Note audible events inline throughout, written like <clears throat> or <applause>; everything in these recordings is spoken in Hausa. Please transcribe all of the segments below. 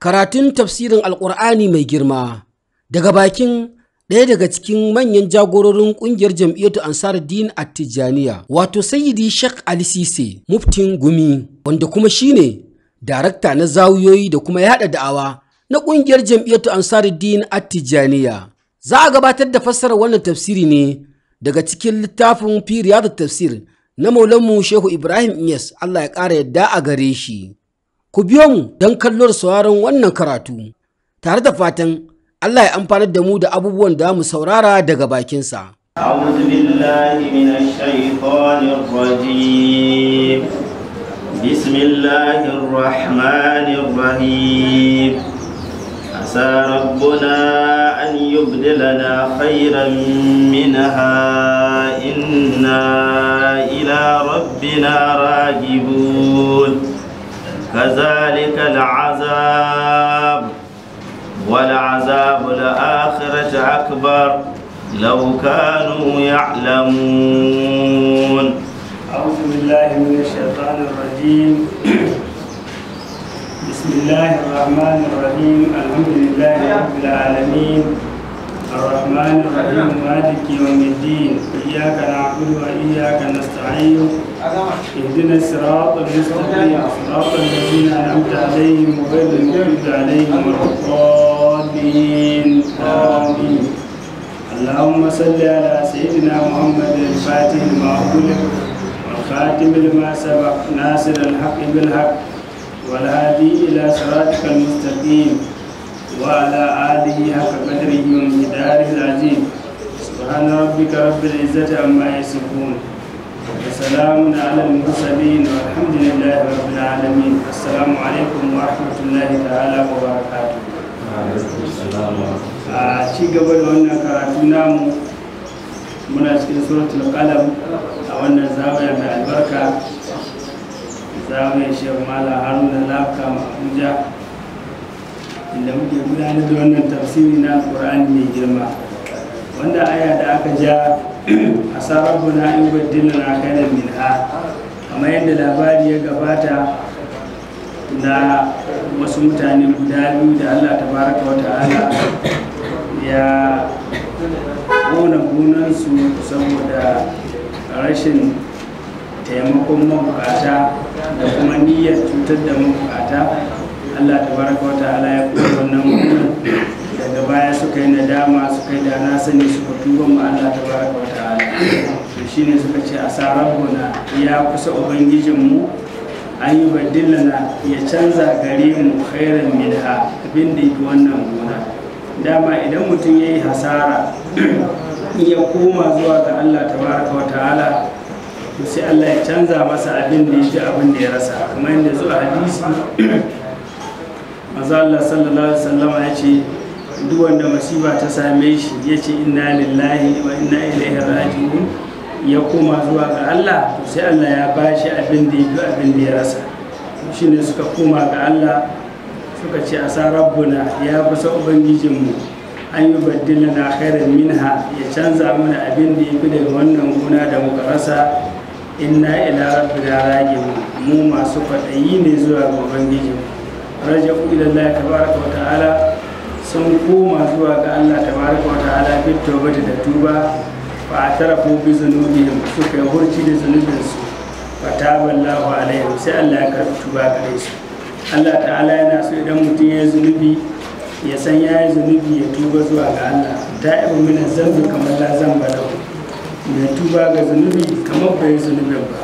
karatun tafsirin alkur'ani mai girma daga bakin ɗaya daga cikin manyan jagororin ƙungiyar jam'iyyatu ansar din a wato sayyidi shek ali sise muftin gumi wanda kuma shine darakta na zawiyoyi da kuma yada da'awa na ƙungiyar jam'iyyatu ansar din a za a gabatar da fassarar wannan tafsiri ne daga cikin littafin firiyar tafsir na maulanmu shehu ibrahim iyas allah ya ƙara yadda a gare shi Ku biyo mu don kallon sauraron wannan karatu, tare da fatan Allah ya amfanar da mu da abubuwan da mu saurara daga bakinsa. أعوذ بالله من الشيطان الرجيم بسم الله الرحمن الرحيم عسى ربنا أن يبدلنا خيرا منها إنا إلى ربنا راجبون كذلك العذاب ولعذاب الآخرة أكبر لو كانوا يعلمون أعوذ بالله من الشيطان الرجيم بسم الله الرحمن الرحيم الحمد لله رب العالمين الرحمن الرحيم مالك يوم الدين إياك نعبد وإياك نستعين اهدنا الصراط المستقيم صراط الذين أنعمت عليهم غير المغضوب عليهم ولا الضالين آمين اللهم صل على سيدنا محمد الفاتح لما والخاتم لما سبق ناصر الحق بالحق والهادي إلى صراطك المستقيم وعلى آله حق قدره ومقداره العظيم سبحان ربك رب العزة عما يصفون وسلام على المرسلين والحمد لله رب العالمين السلام عليكم ورحمة الله تعالى وبركاته a ci gaba da wannan karatu namu muna cikin suratul qalam a wannan zawaya mai albarka zawaya shi mala haruna lafka abuja inda muke gudanar da wannan tafsiri na Qur'ani mai girma wanda aya da aka ja <clears throat> a sarrafa na in baddilana min ha kamar yadda labari ya gabata na wasu mutane guda biyu da allah ta baraka wa ta'ala ya ƙona gunansu saboda rashin taimakon mabukata da kuma niyyar cutar da mabukata Allah tabaraka wa ta'ala ya kuma wannan mutum daga baya suka yi nadama suka yi dana sani suka tuba mu Allah tabaraka wa ta'ala to shine suka ce gona ya kusa ubangijin mu an yi na ya canza gare mu khairan minha abin da yake wannan gona dama idan mutum ya yi hasara ya koma zuwa ga Allah tabaraka wa ta'ala sai Allah ya canza masa abin da ya ji abin da ya rasa kamar yadda zuwa hadisi Allah sallallahu alaihi wasallam ya ce duk wanda masiba ta same shi ya ce inna lillahi wa inna ilaihi raji'un ya koma zuwa ga Allah sai Allah ya bashi abin da yake abin da ya rasa shine suka koma ga Allah suka ce asa rabbuna ya ubangijin mu an yi baddila na khairan minha ya canza mana abin da yafi daga wannan gona da muka rasa inna ila rabbina raji'un mu masu kwaɗayi ne zuwa ga mu. raja'u ila Allah tabaraka wa ta'ala sun koma zuwa ga Allah tabaraka wa ta'ala bi tawbati da tuba fa ko bi zunubihim suka kai hurci da zunubin su fa taballahu alaihim sai Allah ya karbi tuba gare su Allah ta'ala yana so idan mutum ya zunubi ya san ya yi zunubi ya tuba zuwa ga Allah ta ibu mina zambi kamar la zamba lahu mai tuba ga zunubi kamar bai zunubin ba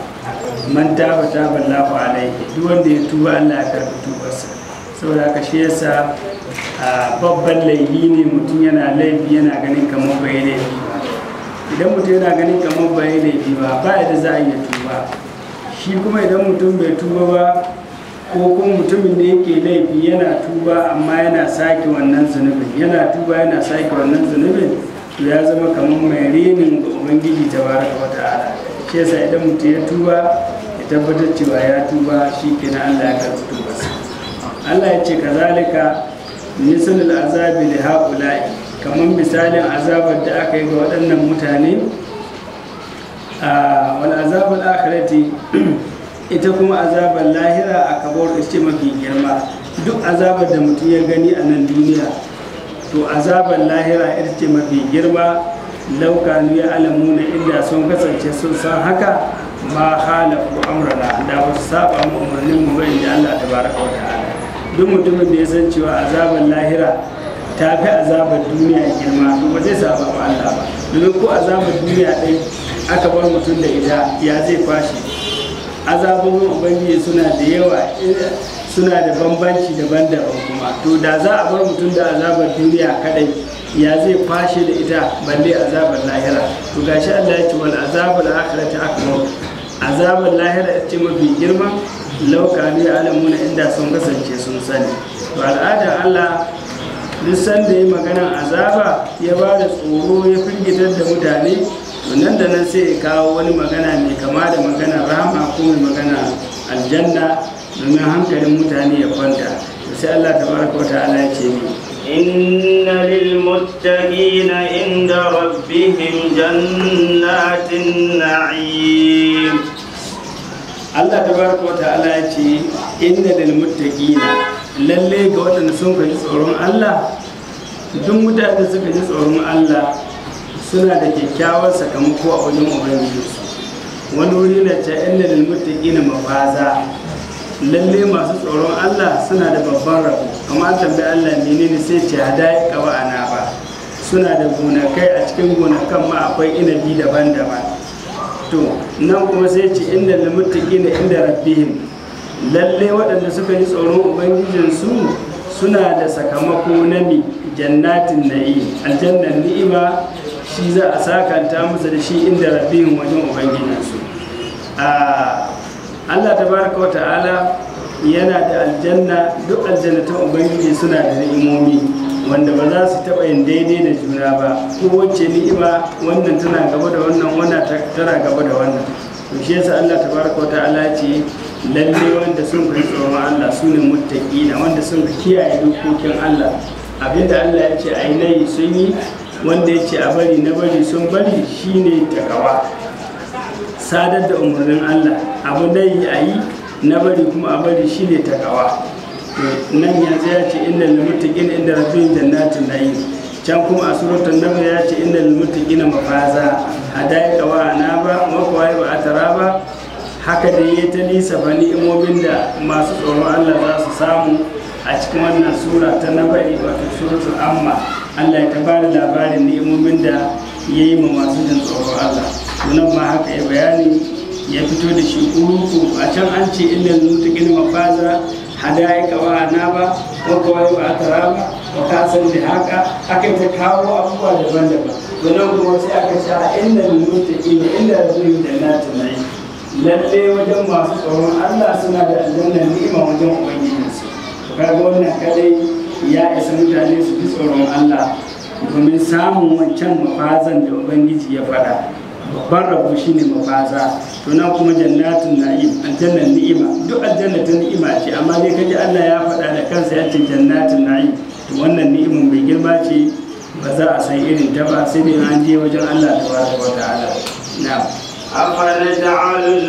man taba taba lahu alaihi duk wanda ya tuba Allah ya karbi tubarsa saboda ka shi yasa babban laifi ne mutum yana laifi yana ganin kamar bai laifi ba idan mutum yana ganin kamar bai laifi ba ba yadda za a iya tuba shi kuma idan mutum bai tuba ba ko kuma mutumin da yake laifi yana tuba amma yana sake wannan zunubin yana tuba yana sake wannan zunubin to ya zama kamar mai renin ga ubangiji baraka wata ta'ala shi yasa idan mutum ya tuba ya tabbatar cewa ya tuba shi kenan Allah ya karɓi Allah ya ce kazalika misalul azabi li haula'i kamar misalin azabar da aka yi ga waɗannan mutane a wal azabul akhirati <clears throat> ita kuma azabar lahira a kabar ce mafi girma duk azabar da mutum ya gani a nan duniya to azabar lahira ita ce mafi girma laukanu ya na inda sun kasance sun san haka ma halafu amrana da wasu saba mu umarnin mu bai da Allah tabaraka wa ta'ala duk mutumin da ya san cewa azabar lahira ta fi azabar duniya girma to ba zai saba ba Allah ba domin ko azabar duniya ɗin aka bar mutum da ita ya zai kwashe azabar ubangiji suna da yawa suna da bambanci daban-daban kuma to da za a bar mutum da azabar duniya kadai ya zai kwashe da ita balle azabar lahira to gashi Allah ya ce wal azabul akhirati akbar azabar lahira ce mafi girma lauka ne alamuna inda sun kasance sun sani to al'adar allah duk sanda ya magana azaba ya ba da tsoro ya firgitar da mutane to nan da nan sai ya kawo wani magana mai kama da magana rahama ko mai magana aljanna domin hankalin mutane ya kwanta sai allah tabaraka wa wata ya ce ni إن للمتقين عند ربهم جنات النعيم Allah tabaraka wa Allah ya ce inna lil muttaqina lalle ga waɗanda sun ka ji tsoron Allah duk mutane suka ji tsoron Allah suna da kyakkyawar sakamako a wajen ubangiji wani wuri na ce inna lil muttaqina mafaza lalle masu tsoron Allah suna da babban rabo kamar tambayi Allah menene sai ce hadaya kaba ana ba suna da gonakai a cikin gonakan ma akwai inabi daban-daban to nan kuma sai ce inda limuttaki na inda rabbihim lalle waɗanda suka yi tsoron ubangijinsu suna da sakamako na mi jannatin na yi, aljannan ni'ima shi za a sakanta musu da shi inda rabbihim wajen ubangijinsu Allah tabaraka wa ta'ala yana da aljanna duk aljanna ta ubangiji suna da ni'imomi wanda ba za su taɓa yin daidai da juna ba ko wacce ni'ima wannan tana gaba da wannan wannan tana gaba da wannan to shi yasa Allah tabaraka wa ta'ala ce lalle wanda sun kai tsoron Allah su ne muttaqina wanda sun kiyaye dokokin Allah abinda Allah ya ce ai nayi sun yi wanda ya ce a bari na bari sun bari shine takawa sadar da umarnin Allah abu nayi ayi na bari kuma a bari shine takawa nan ya ce ya ce inda limutaqin inda rafin jannatin can kuma a surutan nahl ya ce inda gina mafaza A na ba wa ba a tara ba haka da ya ta nisa ba ni'imomin da masu tsoron Allah za su samu a cikin wannan sura ta nabari wato surutun amma Allah ya tabari labarin ni'imomin da ya yi ma masu jin tsoron Allah nan ma haka ya bayani ya fito da shi uruku a can an ce illal gina mafaza hadayaka wa anaba ba kawai wa Ba ta san da haka aka ta kawo abubuwa daban-daban wannan kuma sai aka sha inda lumuta ne inda zuwa da na tunai lalle wajen masu tsoron allah suna da aljanna ni'ima wajen ubangijinsu kaga wannan kadai ya isa mutane su ji tsoron allah domin samun wancan mafazan da ubangiji ya faɗa barrabu shine mafaza to nan kuma jannatin na'im aljannar ni'ima duk aljanna ta ni'ima ce amma dai kaji Allah ya faɗa da kansa ya ce jannatin na'im to wannan ni'imin bai girma ce ba za a san irin ta ba sai dai an je wajen Allah ta wa ta'ala na'am أفنجعل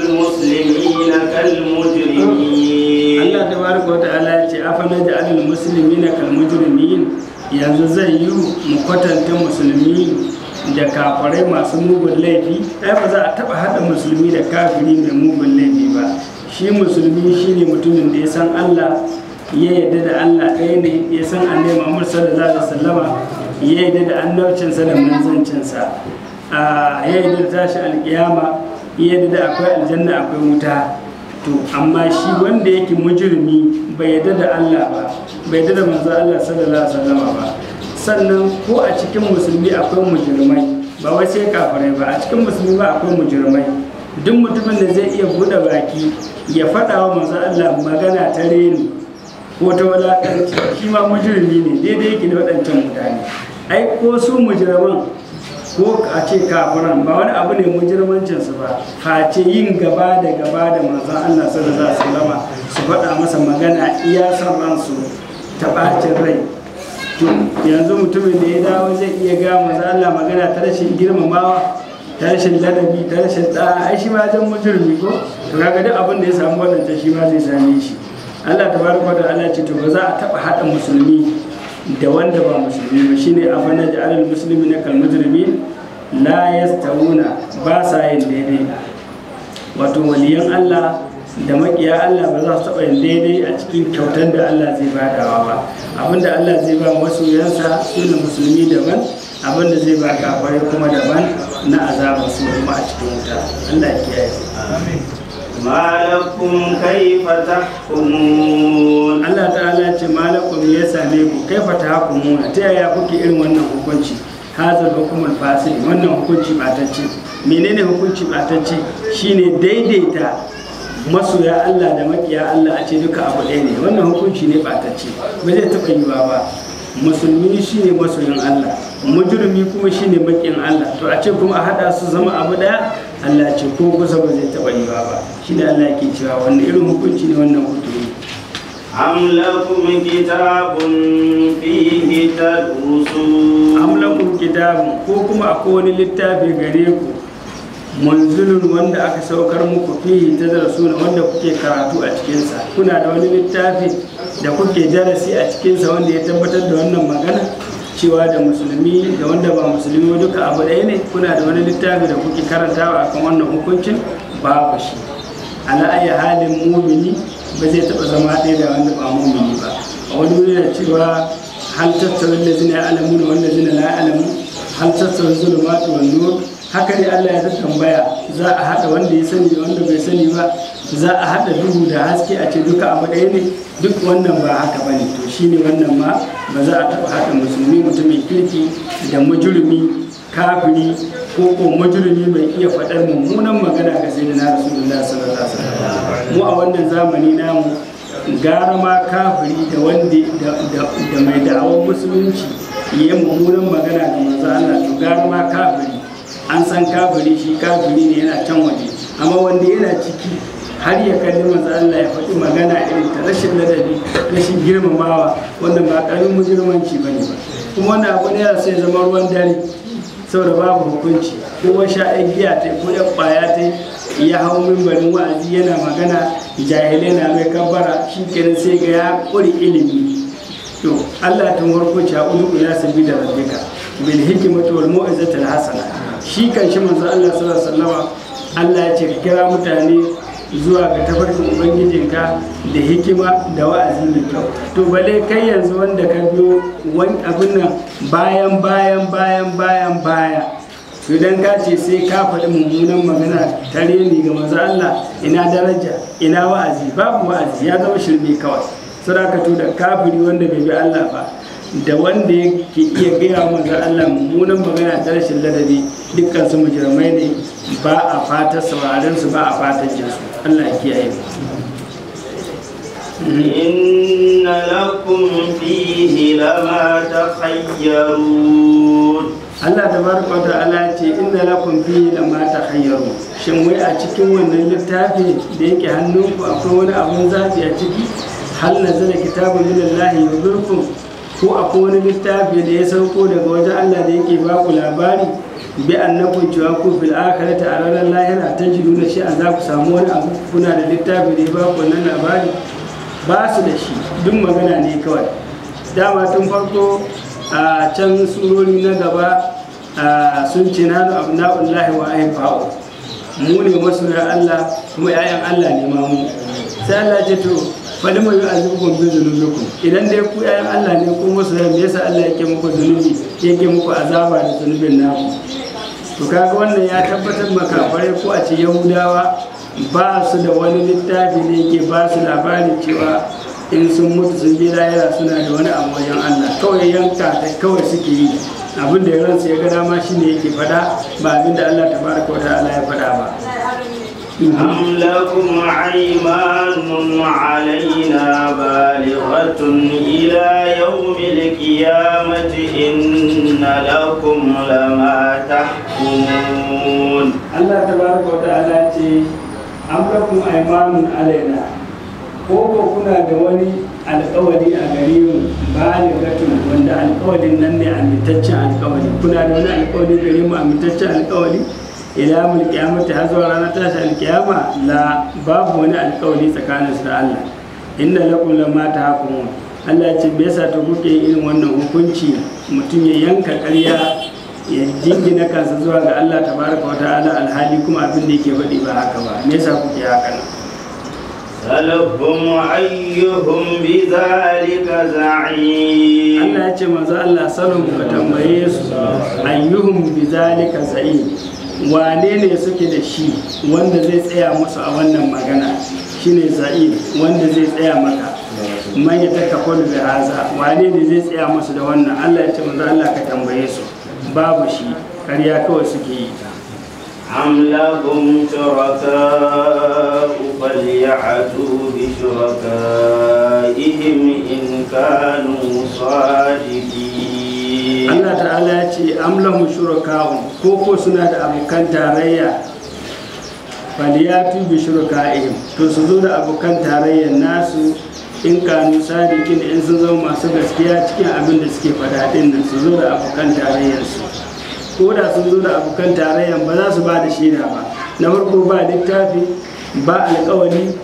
المسلمين كالمجرمين الله تبارك وتعالى muslimina kal mujrimin yanzu zai yi mu kwatanta musulmi da kafarai masu mugun laifi ai ba za a taba haɗa musulmi da kafiri mai mugun laifi ba shi musulmi shine mutumin da ya san Allah ya yarda da Allah ɗaya ne ya san annabi Muhammad sallallahu alaihi wasallama ya yarda da annabcinsa da manzancinsa a ya yarda da tashi alkiyama ya yarda da akwai aljanna akwai wuta to amma shi wanda yake mujrimi bai yarda da Allah ba bai yarda da manzo Allah sallallahu alaihi wasallama ba sannan ko a cikin musulmi akwai mujirmai ba wai sai kafirai ba a cikin musulmi ba akwai mujirmai duk mutumin da zai iya buɗe baki ya faɗa wa manzon Allah magana ta reni ko ta wulakanci shi ma mujirmi ne daidai yake da waɗancan mutane ai ko su mujirman ko a ce kafiran ba wani abu ne mujirmancin su ba face yin gaba da gaba da manzon Allah sallallahu alaihi raba su faɗa masa magana iya san ransu ta ɓacin rai yanzu mutumin da ya dawo zai iya ga maza Allah magana ta rashin girmamawa ta rashin ladabi ta rashin tsara ai shi ma zan mujurmi ko to kaga duk abin da ya samu wannan shi ma zai same shi Allah tabaraka da Allah ce to ba za a taba hada musulmi da wanda ba musulmi ba shine afana ja'alal muslimina kal mujrimin la yastawuna ba sa yin daidai wato waliyan Allah da makiya Allah ba za su taɓa yin daidai a cikin kyautar da Allah zai ba da ba abinda Allah zai ba masoyansa su ne musulmi daban abinda zai ba kafarai kuma daban na azabar su kuma a cikin wuta Allah ya kiyaye Malakun Kai fata kumun. Allah ta'ala ce malakum ya same ku Kai fata kumun ta yaya kuke irin wannan hukunci hazar hukumar fasil wannan hukunci batacce menene hukunci batacce shine daidaita masoya Allah da makiya Allah a ce duka abu ɗaya ne wannan hukunci ne ba ta ce ba zai taɓa yi ba musulmi shine masoyin Allah mujurmi kuma shine makin Allah to a ce kuma a haɗa su zama abu ɗaya Allah ce ko kusa ba zai taɓa yi ba shi ne Allah ke cewa wannan irin hukunci ne wannan hukunci أم لكم كتاب فيه تدرسون أم لكم كتاب كوكما Manzulun wanda aka saukar muku fihi ta darasuna wanda kuke karatu a cikinsa kuna da wani littafi da kuke jarasi a cikinsa wanda ya tabbatar da wannan magana cewa da musulmi da wanda ba musulmi duka abu ɗaya ne kuna da wani littafi da kuke karantawa akan wannan hukuncin babu shi ala ayi halin mumini ba zai taɓa zama ɗaya da wanda ba mumini ba a wani wuri da cewa hal zina ya alamu da wanda zina la alamu hal tattara zulumatu wa nur haka dai Allah ya tambaya za a haɗa wanda ya sani da wanda bai sani ba za a haɗa duhu da haske a ce duka abu ɗaya ne duk wannan ba haka bane to shine wannan ma ba za a taɓa haɗa musulmi mutumin kirki da majurumi kafiri ko ko majurumi mai iya faɗar mummunan magana ga sai na rasulullah sallallahu alaihi wasallam mu a wannan zamani namu gara ma kafiri da wanda da mai da'awar musulunci yayin mummunan magana ga manzo Allah to gara ma kafiri an san kafiri shi kafiri ne yana can waje amma wanda yana ciki har ya kalli manzo Allah ya faɗi magana irin ta rashin ladabi rashin girmamawa wanda ba ƙarin mujirmanci ne ba kuma wannan abu ne sai zama ruwan dare saboda babu hukunci ko sha giya ta ko ya ƙwaya ta ya hau mimbarin wa'azi yana magana jahilai na mai kabbara shi kenan sai ga ya ƙuri ilimi to Allah tun warko ta ya ila sabida rabbika bil hikmatu wal mu'izatil hasana shi kan kanshi manzo Allah sallallahu alaihi wasallama Allah ya ce ka kira mutane zuwa ga tafarkin ubangijinka da hikima da wa'azi mai kyau to bale kai yanzu wanda ka biyo wani abin nan bayan bayan bayan bayan baya to dan ka ce sai ka faɗi mummunan magana tare ni ga manzo Allah ina daraja ina wa'azi babu wa'azi ya zama shirme kawai Suna ka da kafiri wanda bai bi Allah ba da wanda yake iya gaya manzo Allah mummunan magana ta rashin ladabi dukkan su mujirmai ne ba a fatar sauraren su ba a fatar jinsu Allah ya kiyaye inna lakum fihi lama takhayyarun Allah ta baraka ta ala ce inna lakum fihi lama takhayyarun shin wai a cikin wannan littafi da yake ku akwai wani abun zafi a ciki hal nazala kitabun minallahi yuzurkum ko akwai wani littafi da ya sauko daga wajen Allah da yake ba ku labari bi annakum jawaku fil akhirati a ranar lahira ta jiru na shi a za ku samu wani abu kuna da littafi da ba ku nan labari ba su da shi duk magana ne kawai dama tun farko a can surori na gaba sun ce na abna'ullahi wa ayyukawo mu ne masoya Allah kuma 'ya'yan Allah ne ma mu sai Allah ce to fali mai azubukum bi ku idan dai ku 'ya'yan Allah ne ku masoya me yasa Allah yake muku zunubi yake muku azaba da zunubin naku to kaga wannan ya tabbatar makafarai ko a ce yahudawa ba su da wani littafi ne ke ba su labarin cewa in sun mutu sun je lahira suna da wani abu wajen allah kawai yanka ta kawai suke yi abin da ya ransu ya ga dama shine yake faɗa ba abin da allah tabaraka wa ta'ala ya faɗa ba أم لكم أيمان علينا بالغة إلى يوم القيامة إن لكم لما تحكمون الله تبارك وتعالى أم لكم أيمان علينا ko كنا da wani a gare mu baligatun wanda alkawarin nan ne amintaccen alkawari kuna da wani alkawari gare mu amintaccen alkawari ila mul qiyamati har zuwa ranar tashi alkiyama la babu wani alkawari tsakanin su da Allah inna lakum ta tahkumun Allah ce me yasa to kuke irin wannan hukunci mutum ya yanka ƙarya ya jingina kansa zuwa ga Allah tabaraka wata'ala alhali kuma abin da yake faɗi ba haka ba me yasa kuke haka nan salahum ayyuhum bi zalika za'im Allah ya ce manzo Allah salon ka tambaye su ayyuhum bi zalika za'im wane ne suke da shi wanda zai tsaya musu a wannan magana shine za'ir wanda zai tsaya maka man ya taka kwallo da haza wane ne zai tsaya musu da wannan Allah ya ce manzo Allah ka tambaye su babu shi karya kawai suke yi am lahum shuraka falyatu bi in Allah ta'ala ya ce amlahu shuraka'un ko ko suna da abokan tarayya faliyatu bi shuraka'ihim to su zo da abokan tarayyar nasu in kanu sadikin in sun zama masu gaskiya cikin abin da suke faɗa din nan su zo da abokan tarayyar su ko da sun zo da abokan tarayyar ba za su ba da shaida ba na farko ba littafi ba alƙawari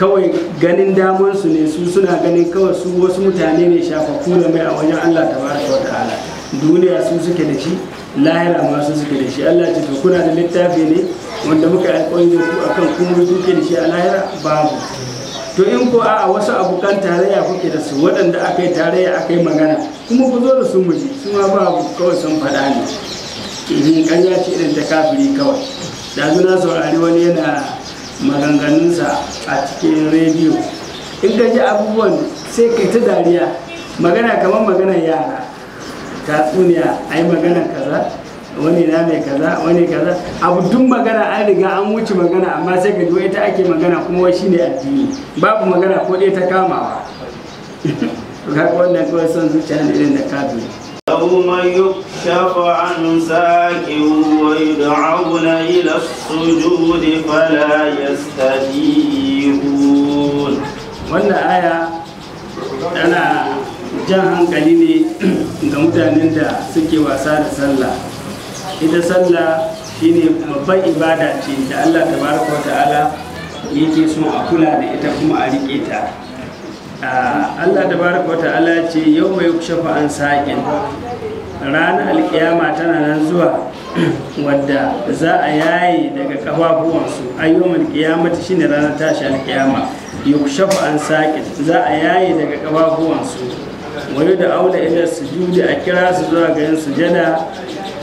kawai ganin damansu ne su suna ganin kawai su wasu mutane ne shafa da mai a wajen Allah tabaraka wa ta'ala duniya su suke da shi lahira ma su suke da shi Allah ce to kuna da littafi ne wanda muka yi koyi da ku akan kun duke da shi a lahira babu to in ko a wasu abokan tarayya kuke da su waɗanda aka yi tarayya aka yi magana kuma ku zo da su muji su ma babu kawai sun faɗa ne idan ya ce irin ta kafiri kawai da zuna saurari wani yana maganganunsa a cikin rediyo in ka ji abubuwan sai kai ta dariya magana kamar maganar yara tatsuniya ai magana kaza wani na mai kaza wani kaza abu duk magana an riga an wuce magana amma sai ga duwa ita ake magana kuma wai shine addini babu magana ko dai ta kamawa to <laughs> wannan kawai son zuciya ne irin da kafiri يوم يكشف عن ساك ويدعون إلى السجود فلا يستجيبون wannan aya tana jan hankali ne <clears throat> ga mutanen da suke wasa da sallah ita sallah shine babban ibada ce da allah tabaraka wa ta'ala yake so a kula da ita kuma a riƙe ta allah tabaraka wa ta'ala ce yau mai shafa an sa'in ranar alkiyama tana nan zuwa <clears throat> wadda za a yaye daga kafafuwansu ayyuman kiyamata shine ranar tashi alkiyama yukshafu an saƙin za a yaye daga su wani da aula ila sujudi a kira su zuwa ga yin sujada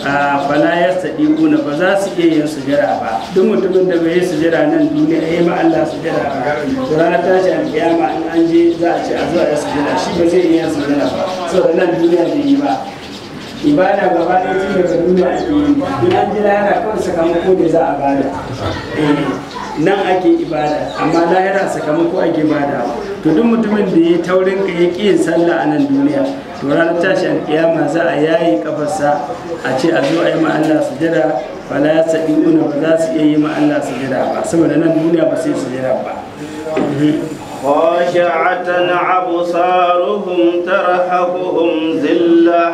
a fala ya sadiku na ba za su iya yin sujada ba duk mutumin da bai yi sujada nan duniya ya yi ma Allah sujada ba to ranar tashi alkiyama in an je za a ce a zuwa ya sujada shi ba zai iya sujada ba saboda nan duniya bai yi ba ibada gaba ɗaya cikin da duniya ake yi duk an jira yana kawai sakamako ne za a bada eh. nan ake ibada amma lahira sakamako ake bada to duk mutumin da ya taurin ka ya ƙi sallah a nan duniya to ranar tashi alƙiyama za a yayi kafarsa a ce a zo a yi ma Allah sujada fala ya una ba za su iya yi ma Allah sujada ba saboda nan duniya ba sai sujada ba خاشعة أبصارهم ترهقهم ذلة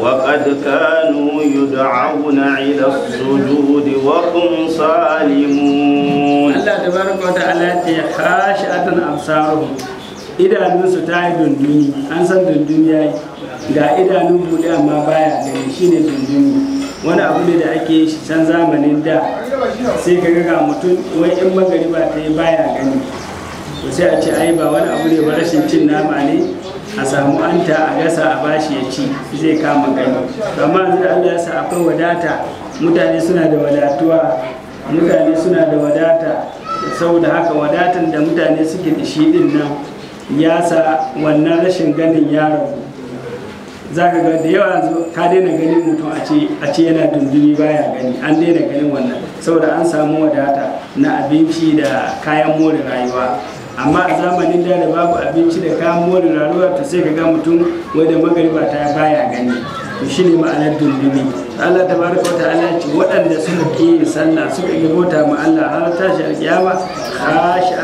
وقد كانوا يدعون إلى السجود وهم صالمون الله تبارك وتعالى خاشعة أبصارهم idanunsu ta yi dunduni an san dunduni ya da ga idanun buɗe amma baya gani shine dunduni wani abu ne da ake shi can zamanin da sai ka ga mutum wai in ba ta yi baya gani to sai a ce ai ba wani abu ne ba rashin cin nama ne a samu anta a gasa a bashi ya ci zai kama gani amma yanzu da Allah ya sa akwai wadata mutane suna da wadatuwa mutane suna da wadata saboda haka wadatan da mutane suke da shi din nan ya sa wannan rashin ganin ya rabu za ka ga da yawa yanzu ka daina ganin mutum a ce yana dunduni baya gani an daina ganin wannan saboda an samu wadata na abinci da kayan more rayuwa amma a zamanin da da babu abinci da kamo da rarruwa ta sai ka ga mutum wanda magariba ta baya gani to shi ne ma'anar dundumi Allah ta baraka wata ala ce waɗanda suka ke yin sallah suka yi bauta ma Allah har tashi alƙiyama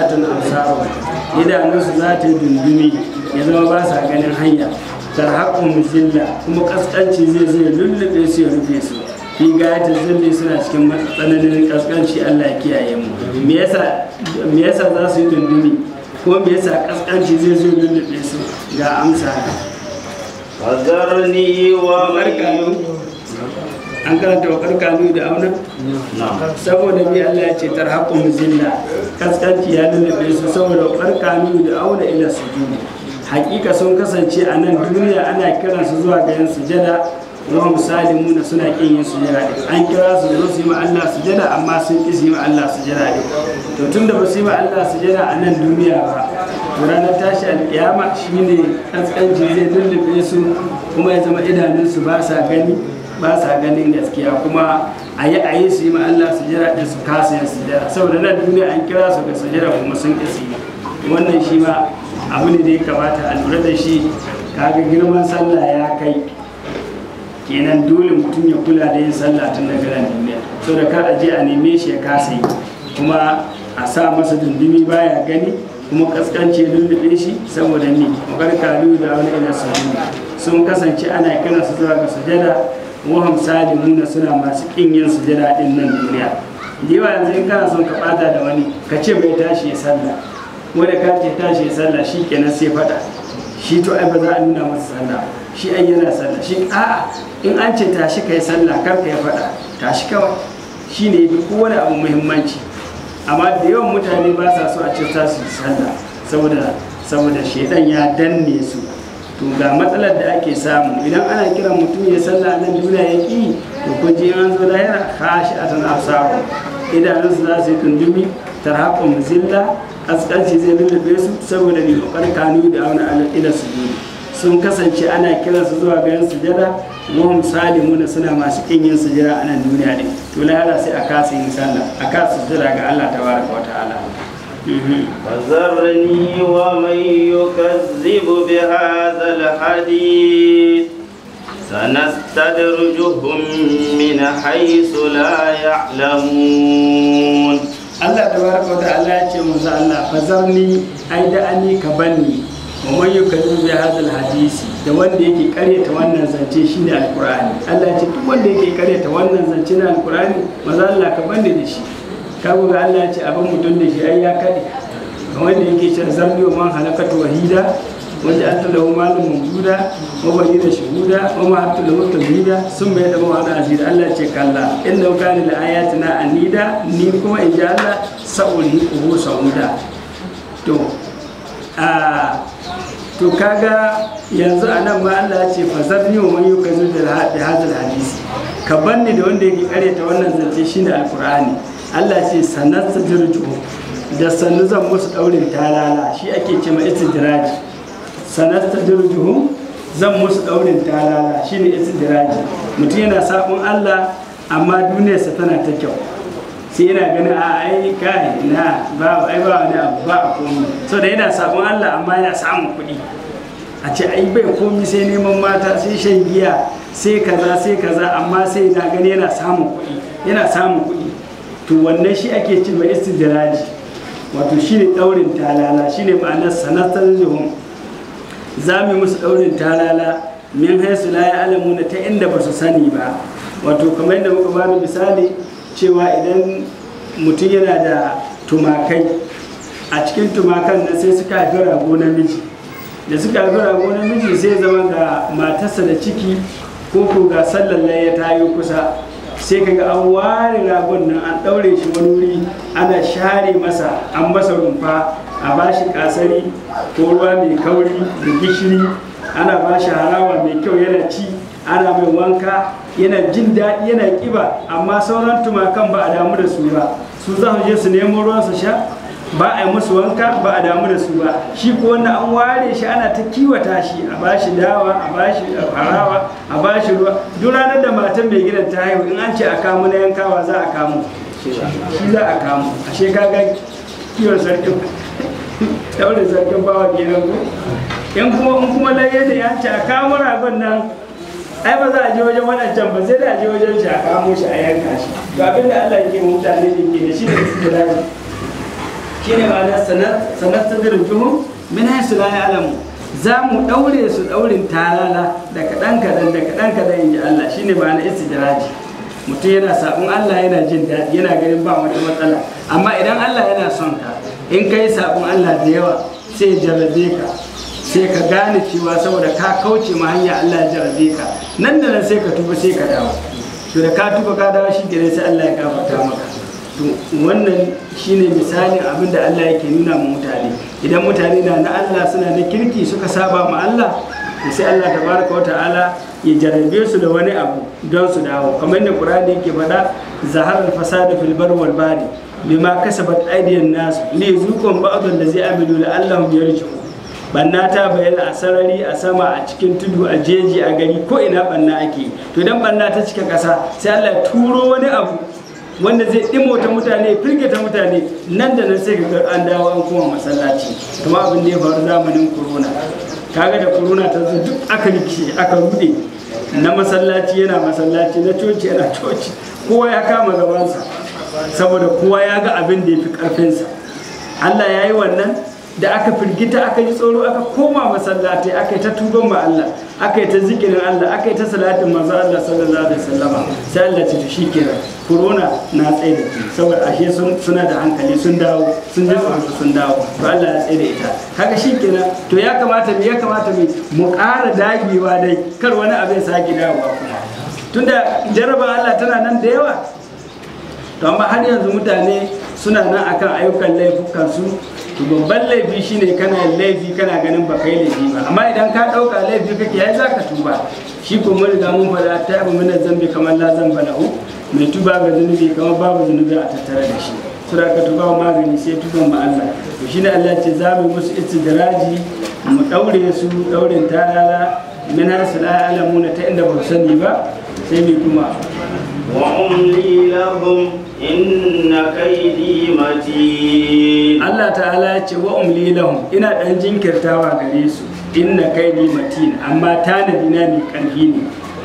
tun absaru idanunsu za ta yi dundumi ya zama ba sa ganin hanya tarhaqu musilla kuma ƙasƙanci zai zai lullube su ya rufe su fi gayata zulli suna cikin tsananin kaskanci Allah ya kiyaye mu me yasa me za su yi dundumi ko me yasa kaskanci zai zo dundube su ga amsa wazarni wa markanu an karanta wa karkanu da auna saboda bi Allah ya ce tarhaqum zilla kaskanci ya dundube su saboda karkanu da auna ila sujudi hakika sun kasance a nan duniya ana kiransu zuwa ga yan sujada misalin muna suna kin yin sujada din an kira su zo su yi ma Allah sujada amma sun ki su yi ma Allah sujada din to da ba su yi ma Allah sujada a nan duniya ba to ranar tashi alkiyama shine kaskanci zai lullube su kuma ya zama idanunsu ba sa gani ba sa ganin gaskiya kuma a yi a yi su yi ma Allah sujada din su kasa yin sujada saboda nan duniya an kira su ga sujada kuma sun ki su yi wannan shi ma abu ne da ya kamata a lura da shi kaga girman sallah ya kai kenan dole mutum ya kula da yin sallah tun daga nan duniya da kar a je a neme shi ya kasa yi kuma a sa masa dundumi baya gani kuma kaskance ya lullube shi saboda ni wakar kalu da wani ina sujudi sun kasance ana kiran su zuwa ga sujada da nuna suna masu kin yin sujada din nan duniya yawa yanzu in kana son ka bada da wani ka ce bai tashi ya sallah wanda ka ce tashi ya sallah shi kenan sai fada shi to ai ba za a nuna masa sallah shi ai yana sallah shi a'a in an ce tashi kai sallah kar ka faɗa tashi kawai ne duk kowane abu muhimmanci amma da yawan mutane ba sa so a ce ta su sallah saboda saboda ya danne su to ga matsalar da ake samu idan ana kiran mutum ya sallah nan duniya ya ki to kun je an zo lahira kashi a tan idan su za su yi tundumi tarhaqum zilla askanci zai lullube su saboda ne kokar kanu da auna ila duniya. sun kasance ana kiran su zuwa ga yin sujada sali muna suna masu kin yin sujada a nan duniya din to lahara sai a kasa yin sallah a kasa sujada ga Allah tabaraka wa ta'ala فذرني ومن يكذب بهذا الحديث سنستدرجهم من حيث لا يعلمون الله تبارك وتعالى يقول الله فذرني أيدأني كبني wa man yukallu bi hadal hadisi da wanda yake karyata wannan zance shine alqur'ani Allah ya ce duk wanda yake karyata wannan zance na alqur'ani maza Allah ka bande da shi ka ga Allah ya ce abin mutum da shi ai ya kade kamar da yake cewa zambi wa man halakatu wahida wanda an talahu malum mawjuda wa bayyana shuhuda wa ma hatta lahu tawhida sun bai da mawada azira Allah ce kalla inna kana la ayatina anida ni kuma in ja Allah sa'ul hi sa'uda to to kaga yanzu a nan ma Allah ce zabni wa man yukazu bil hadal hadisi ka banni da wanda yake ta wannan zance shine alqur'ani Allah ce sanar jirju da sanu zan musu daurin talala shi ake ce ma istidraji sanar sajirju zan musu daurin talala shine istidraji mutum yana sabon Allah amma duniyarsa tana ta kyau sai yana ganin a ai kai na ba ai ba wani abu ba komai so da yana sabon Allah amma yana samun kuɗi a ce ai bai komi sai neman mata sai shan giya sai kaza sai kaza amma sai na gani yana samun kuɗi yana samun kuɗi to wannan shi ake ce mai istidraji wato ne daurin talala shine ma'anar sanatar zuhum za mu musu daurin talala min haisu la ya na ta inda ba su sani ba wato kamar yadda muka bada misali cewa idan mutum yana da tumakai a cikin tumakan na sai suka haifi rago namiji da suka haifi rago namiji sai zama ga matarsa da ciki ko ko ga sallan ya tayo kusa sai kaga an ware ragon nan an ɗaure shi wani wuri ana share masa an masa rumfa a bashi kasari ko ruwa mai kauri da gishiri ana bashi harawa mai kyau yana ci ana mai wanka yana jin daɗi yana ƙiba amma sauran tumakan ba a damu da su ba su za su je su nemo ruwan su sha ba a yi musu wanka ba a damu da su ba shi ko wannan an ware shi ana ta kiwata shi a bashi dawa a bashi harawa a bashi ruwa duk ranar da matan mai gidan ta haihu in an ce a kamu na yankawa za a kamu shi za a kamu ashe kaga kiwon sarkin daure sarkin bawa kenan ko in kuma in kuma lalle da ya ce a kamu ragon nan ai ba za a je wajen wadancan ba sai da a je wajen shi a kamo shi a yanka shi to abin da Allah yake mu mutane ne ke da shi ne su da shi ne ma'ana sanar sadirin fihu min haisu la alam za mu ɗaure su ɗaurin talala da kaɗan kaɗan da kaɗan kaɗan in ji Allah shi ne ma'ana istijiraji mutum yana sabon Allah yana jin daɗi yana ganin ba wata matsala amma idan Allah yana son ka in ka yi sabon Allah da yawa sai jarabe ka sai ka gane cewa saboda ka kauce ma hanya Allah ya jarabe ka nan da nan sai ka tuba sai ka dawo to da ka tuba ka dawo shi gare sai Allah ya gafarta maka to wannan shine misalin abin da Allah yake nuna ma mutane idan mutane na na Allah suna na kirki suka saba ma Allah to sai Allah tabaraka wa ta'ala ya jarabe su da wani abu don su dawo kamar da Qur'ani yake faɗa zaharar fasada fil bar wal bari bima kasabat aydiyan nas li yuzukum ba'd allazi amilu la'allahum yarji'un banna ta bayyana a sarari a sama a cikin tudu a jeji a gari ko ina banna ake to idan banna ta cika kasa sai Allah turo wani abu wanda zai ta mutane firgita mutane nan da nan sai ga an dawo an koma masallaci kuma abin da ya faru zamanin corona kaga da corona ta zo duk aka rike aka rude na masallaci yana masallaci na coci yana coci kowa ya kama gabansa saboda kowa ya ga abin da ya fi karfinsa Allah ya yi wannan da aka firgita aka ji tsoro aka koma masallatai aka yi ta tuban ma Allah aka yi ta zikirin Allah aka yi ta salatin manzo Allah sallallahu alaihi wasallama sai Allah ce shi kenan corona na tsaye da ke saboda ashe suna da hankali sun dawo sun ji tsoro sun dawo to Allah ya tsaye da ita kaga shi kenan to ya kamata mu ya kamata mu mu ƙara dagewa dai kar wani abu abin sake dawowa kuma tunda jaraba Allah tana nan da yawa to amma har yanzu mutane suna nan akan ayyukan laifukan su to babban laifi shine kana laifi kana ganin ba kai laifi ba amma idan ka ɗauka laifi kake ai za tuba shi ko mun riga mun faɗa ta abu mina zambi kamar la zamba lahu mai tuba ga zunubi kamar babu zunubi a tattare da shi sura ka tuba magani sai tuban ma Allah to shine Allah ce za mu musu istidraji mu daure su daurin talala min hasala alamuna ta inda ba sani ba sai mai kuma wa umli lahum inna kaidi mati. Allah ta'ala ya ce wa umli lahum ina dan jinkirtawa gare su inna kaidi matin amma tanadi na mai karfi ne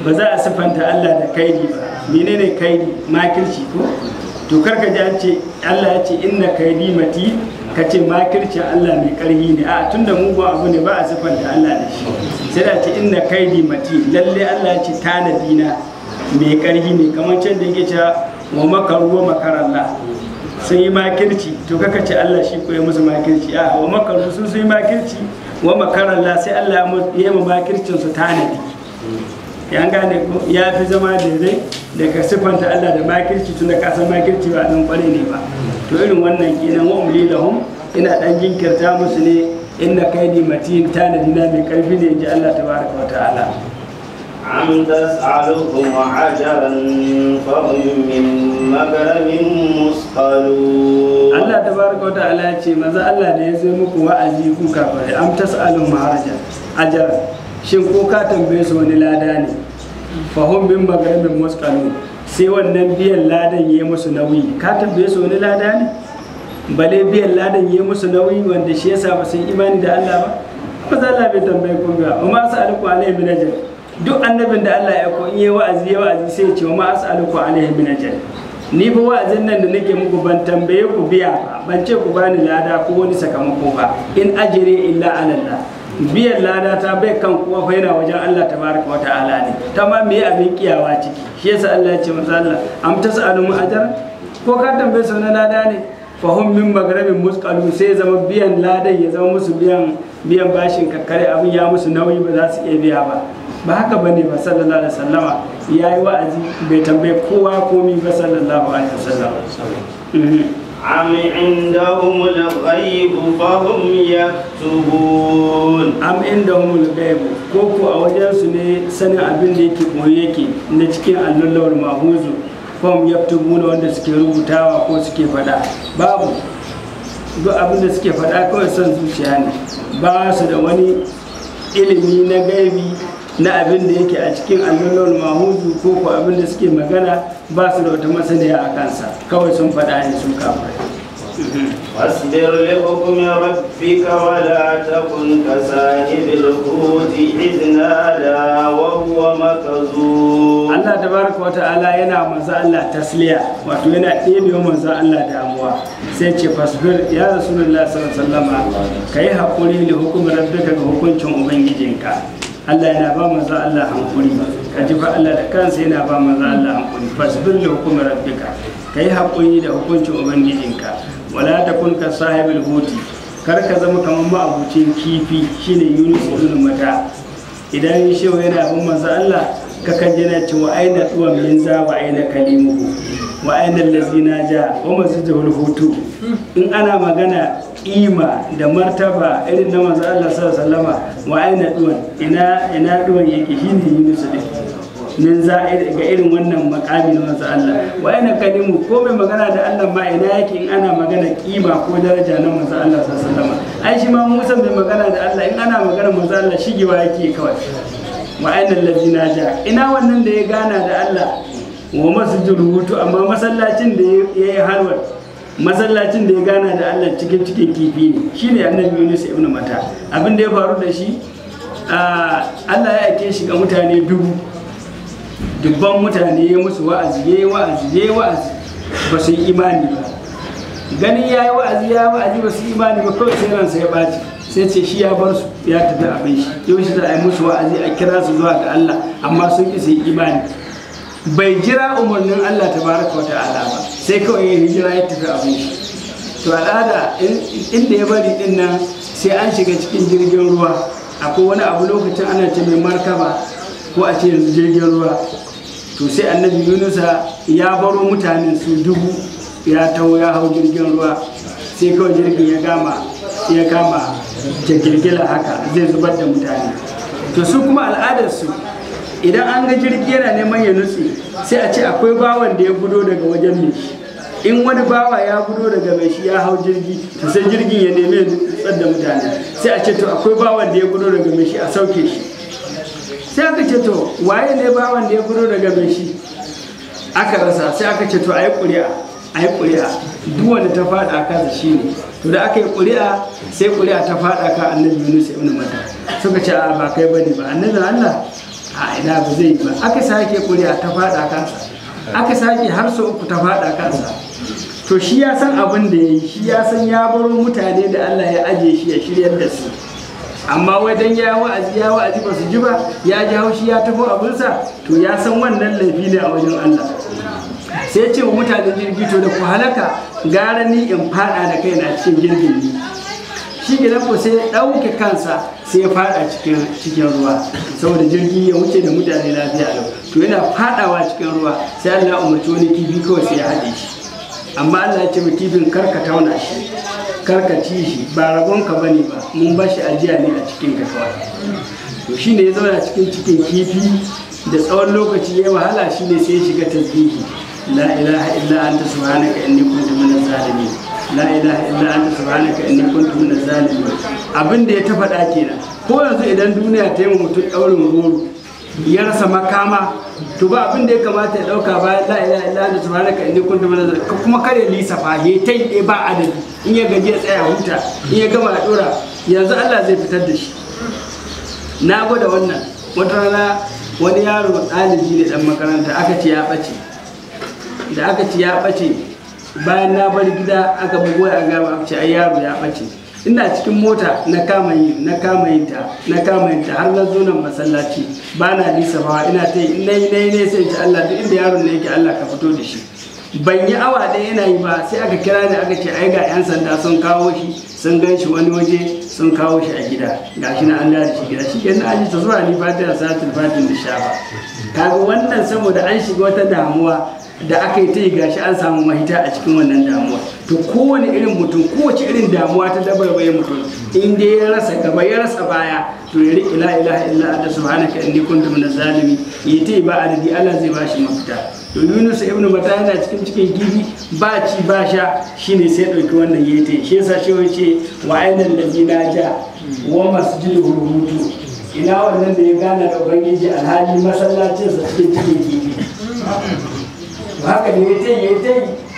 ba za a sifanta Allah da kaidi ba menene kaidi makirci ko to karka ji an ce Allah ya ce inna kaidi mati ka ce makirci Allah mai ƙarfi ne a tunda mugun abu ne ba a sifanta Allah da shi sai da ce inna kaidi mati lalle Allah ya ce tanadi na mai ƙarfi ne kamar can da yake cewa wa makaru wa makarallah sun yi makirci to kaka ce Allah shi ko musu makirci a wa makaru sun sun yi makirci wa la sai Allah ya yi makircin su tanadi ya gane ko ya fi zama daidai da ka siffanta Allah da makirci tun da ka makirci ba dan kware ne ba to irin wannan kenan wa umli lahum ina dan jinkirta musu ne inna kaidi matin tanadi na mai karfi ne ji Allah tabaraka wa ta'ala أم تسألهم عجرا فهم من مكرم مثقلون الله تبارك وتعالى ce maza Allah ne ya zai muku wa'azi ku kafare am tas'alun ma'aja ajara shin ko ka tambaye su wani lada ne fahum bin magramin musqalun sai wannan biyan ladan ya yi musu nauyi ka tambaye su wani lada ne bale biyan ladan ya yi musu nauyi wanda shi yasa ba sun imani da Allah ba maza Allah bai tambaye kun ga amma sa'alku alai min ajr duk annabin da Allah ya ko in yi wa'azi ya wa'azi sai ya ce ma as'aluku alaihi min ajr ni ba wa'azin nan da nake muku ban tambaye ku biya ban ce ku bani lada ko wani sakamako ba in ajri illa ala biyan lada ta bai kan kuwa fa yana wajen Allah tabaraka wa ta'ala ne ta ma me abin kiyawa ciki shi yasa Allah ya ce masa Allah am tas'alu mu ajr ko ka tambaye su na lada ne hum min magrabin muskalu sai zama biyan ladan ya zama musu biyan biyan bashin kakkare abin ya musu nauyi ba za su iya biya ba ba haka bane ba sallallahu alaihi wasallama yayi wa'azi bai tambaye kowa komi ba sallallahu alaihi wasallama mhm. am indahum al-ghaib fahum yaktubun am indahum ghaib ko ko a wajen su ne sanin abin da yake koyi yake na cikin allolawar mahuzu fahum yaktubuna wanda suke rubutawa ko suke fada babu duk abin da suke fada kawai son zuciya ne ba su da wani ilimi na gaibi na abin da yake a cikin allolon mahudu ko ko abin da suke magana ba su da wata masaniya a kansa kawai sun faɗa ne sun kafa واصبر لحكم ربك ولا تكن كساهب الحوت إذ نادى wato yana ɗebe wa manzo Allah damuwa sai ce fasbir ya rasulullahi sallallahu alaihi ka yi hakuri da hukumar rabbika ga hukuncin ubangijinka Allah yana ba manzo Allah hankuri ka ji fa Allah da kansa yana ba manzo Allah hankuri fasbir li hukmi rabbika kai hakuri da hukuncin ubangijinka wala takun ka sahibul huti kar ka zama kamar ma'abucin kifi shine Yunus ibn Mata idan shi yana bin manzo Allah ka kan ci wa aina tuwa min za wa aina kalimuhu wa aina allazina ja wa masjidul hutu in ana magana kima da martaba irin na manzo Allah sallallahu alaihi wasallama wa aina duwan ina ina duwan yake shine Yunus din nan za ga irin wannan makami na manzo Allah wa aina kalimu ko mai magana da Allah ma ina yake in ana magana kima ko daraja na manzo Allah sallallahu alaihi ai shi ma Musa mai magana da Allah in ana magana manzo Allah shigewa yake kawai wa aina allazina ja ina wannan da ya gana da Allah wa masjidul wutu amma masallacin da ya yi harwar masallacin da ya gana da Allah cikin cikin kifi ne shi shine annabi Yunus ibn Mata abin da ya faru da shi Allah ya aike shi ga mutane dubu dubban mutane ya musu wa'azi ya yi wa'azi ya yi wa'azi ba su yi imani ba ganin ya yi wa'azi ya yi wa'azi ba su yi imani ba kawai sai ransa ya ɓaci sai ce shi ya bar su ya tafi abin shi yau shi za a yi musu wa'azi a kira su zuwa ga Allah amma sun ƙi su yi imani bai jira umarnin Allah ta baraka wata ala ba sai kawai ya hijira ya tafi abu to al'ada inda ya bari din nan sai an shiga cikin jirgin ruwa akwai wani abu lokacin ana ce mai markaba ko a ce yanzu jirgin ruwa to sai annabi yunusa ya baro mutane su dubu ya taho ya hau jirgin ruwa sai kawai jirgin ya gama ya kama jirgila haka zai zubar da mutane to su kuma al'adarsu idan an ga jirgi yana neman ya nutse sai a ce akwai bawan da ya gudo daga wajen mai shi in wani bawa ya gudo daga mai shi ya hau jirgi to sai jirgin ya neme ya nutsar da mutane sai a ce to akwai bawan da ya gudo daga mai shi a sauke shi sai aka ce to waye ne bawan da ya gudo daga mai shi aka rasa sai aka ce to a yi ƙuri'a a yi ƙuri'a duk wanda ta faɗa kansa shi ne to da aka yi ƙuri'a sai ƙuri'a ta faɗa ka annabi yunus ibn mata suka ce a ba kai bane ba annabi allah a ina ba zai yi ba aka sake kuri'a har sau uku ta faɗa kansa to shi ya san abin da ya yi shi ya san ya baro mutane da Allah ya ajiye shi ya shiryar da su amma wajen ya wa'azi ya wa'azi ba su ji ba ya ji haushi ya tafi sa, to ya san wannan laifi ne a wajen Allah sai ce wa mutane jirgi to da ku halaka gara ni in faɗa da kai na cikin jirgin shi gidan ko sai ya ɗauke kansa sai ya fada cikin cikin ruwa saboda jirgi ya wuce da mutane lafiya lau to yana fadawa cikin ruwa sai Allah ya umarci wani kifi kawai sai ya haɗe shi amma Allah ya ce mu kifin karka tauna shi karka ci shi ba rabon ka bane ba mun bashi ajiya ne a cikin ka kawai to ne ya zauna cikin cikin kifi da tsawon lokaci ya wahala shi ne sai ya shiga tasbihi la ilaha illa anta subhanaka inni kuntu minaz zalimin la ilaha illa anta subhanaka inni kuntu minaz zalimin abin da ya ta faɗa kenan ko yanzu idan duniya ta yi mutum ɗaurin goro ya rasa makama to ba abin da ya kamata ya ɗauka ba la ilaha illa anta subhanaka inni kuntu minaz zalimin kuma kare lisa fa he tai ba adadi in ya gaji ya tsaya huta in ya gama dora yanzu Allah zai fitar da shi na gwada wannan wata rana wani yaro ɗalibi ne dan makaranta aka ci ya ɓace da aka ci ya ɓace bayan na bar gida aka bugo a gama a ce ai yaro ya bace ina cikin mota na kama yi na kama yin ta na kama yin ta har na zo nan masallaci ba na ba ina ta yi nai nai nai sai ta Allah duk inda yaron ne yake Allah ka fito da shi ban yi awa daya yana yi ba sai aka kira ni aka ce ai ga yan sanda sun kawo shi sun gan shi wani waje sun kawo shi a gida ga shi na an da shi gida shi kenan aji ta zuwa ni fatiha salatul fatin da shafa kaga wannan saboda an shiga wata damuwa da aka yi ta yi gashi an samu mahita a cikin wannan damuwa to kowane irin mutum kowace irin damuwa ta dabarbaye mutum in dai ya rasa gaba ya rasa baya to ya riƙe la ilaha illa anta subhanaka inni kuntu minaz zalimi yi ta yi ba adadi Allah zai shi mafita to Yunus ibn Mata yana cikin cikin gibi ba ci ba sha shine sai ɗauki wannan yayi ta shi yasa shi yace wa ainal ladina ja wa jiri hurutu ina wannan da ya gane da ubangiji alhali masallacinsa cikin cikin gibi haka ne ya yi ta yi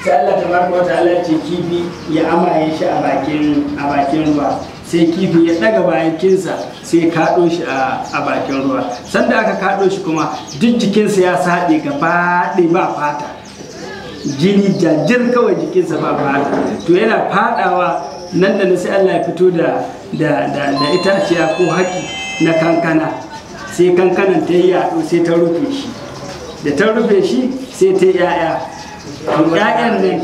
sai Allah tabaraka wa ta'ala ce kifi ya amaye shi a bakin a bakin ruwa sai kifi ya daga kinsa sai kado shi a bakin ruwa sanda aka kaɗo shi kuma duk jikinsa ya saɗe ga fadi ba fata jini jajir kawai jikinsa ba fata to yana faɗawa nan da sai Allah ya fito da da da itaciya ko haki na kankana sai kankanan ta yi yaɗo sai ta rufe shi da ta rufe shi sai ta yaya ya'yan nan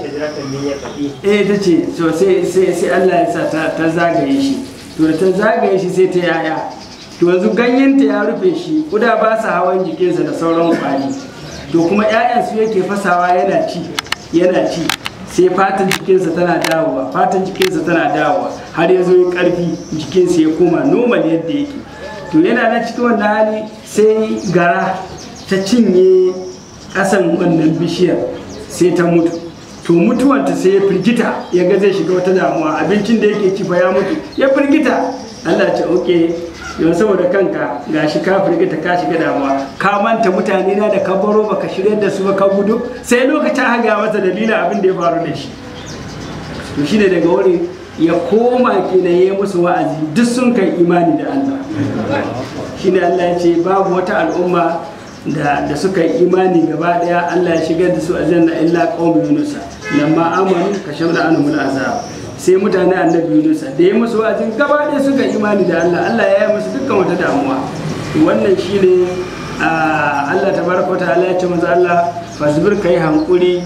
eh ta ce to sai Allah ya sa ta zagaye shi to da ta zagaye shi sai ta yaya to yanzu ganyenta ya rufe shi kuda ba su hawan jikinsa da sauran kwari to kuma 'ya'yan su yake fasawa yana ci yana ci sai fatan jikinsa tana dawowa fatan jikinsa tana dawowa har ya zo karfi jikinsa ya koma normal yadda yake to yana na cikin wannan hali sai gara ta cinye ƙasan wannan bishiyar sai ta mutu to mutuwanta sai ya firgita ya ga zai shiga wata damuwa abincin da yake kifa ya mutu ya firgita Allah ce oke yau saboda kanka gashi ka firgita ka shiga damuwa ka manta mutane na da ka baro baka shirya da su ba ka gudu sai lokacin haga masa dalilin abin da ya faru da shi to shine daga wuri ya koma kenan ya musu wa'azi duk sun kai imani da Allah shine Allah ya ce babu wata al'umma da suka yi imani gaba daya Allah ya shigar da su a janna illa qaum yunus ma amanu kashamna anhum azab sai mutane annabi yunus da ya musu wajin gaba daya suka imani da Allah Allah ya yi musu dukkan wata damuwa wannan shine Allah tabaraka ta'ala ya ce manzo Allah fasbir kai hankuri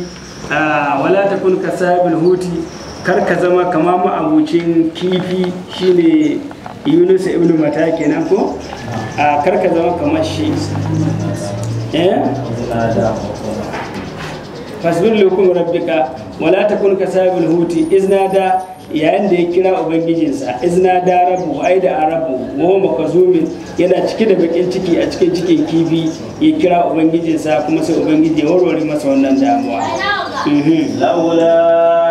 wala takun kasabil huti kar ka zama kama ma'abucin kifi shine yunus ibn mata kenan ko a karka zama kamar shi eh fasbir lakum rabbika wala takun ka sabil huti iznada yayin da ya kira ubangijinsa da rabu ai da arabu maka zumin yana cike da bakin ciki a cikin cikin kifi ya kira ubangijinsa kuma sai ubangiji ya warware masa wannan damuwa mhm. laula